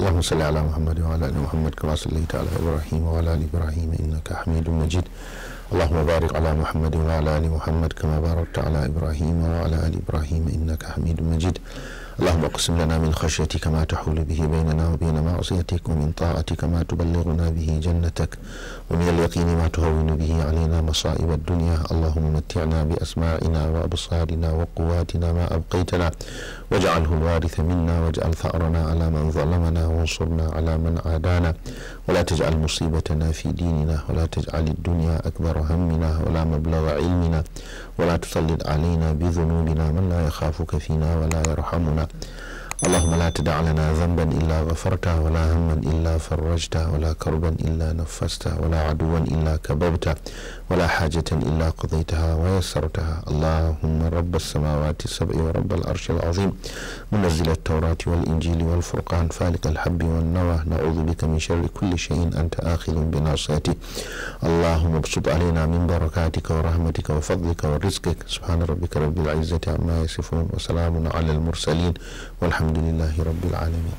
اللهم صل على محمد وعلى ال محمد كما صليت على ابراهيم وعلى ال ابراهيم انك حميد مجيد اللهم بارك على محمد وعلى ال محمد كما باركت على ابراهيم وعلى ال ابراهيم انك حميد مجيد اللهم اقسم لنا من خشيتك ما تحول به بيننا وبين معصيتك ومن طاعتك ما تبلغنا به جنتك ومن اليقين ما تهون به علينا مصائب الدنيا اللهم متعنا بأسماعنا وأبصارنا وقواتنا ما أبقيتنا واجعله الوارث منا واجعل ثأرنا على من ظلمنا وانصرنا على من عادانا ولا تجعل مصيبتنا في ديننا ولا تجعل الدنيا أكبر همنا ولا مبلغ علمنا ولا تسلط علينا بذنوبنا من لا يخافك فينا ولا يرحمنا اللهم لا تدع لنا ذنبا إلا غفرته ولا هما إلا فرجته ولا كربا إلا نفسته ولا عدوا إلا كببته ولا حاجة إلا قضيتها ويسرتها اللهم رب السماوات السبع ورب الأرش العظيم منزل التوراة والإنجيل والفرقان فالق الحب والنوى نعوذ بك من شر كل شيء أنت آخذ بناصيتي اللهم ابسط علينا من بركاتك ورحمتك وفضلك ورزقك سبحان ربك رب العزة عما يصفون وسلام على المرسلين والحمد لله رب العالمين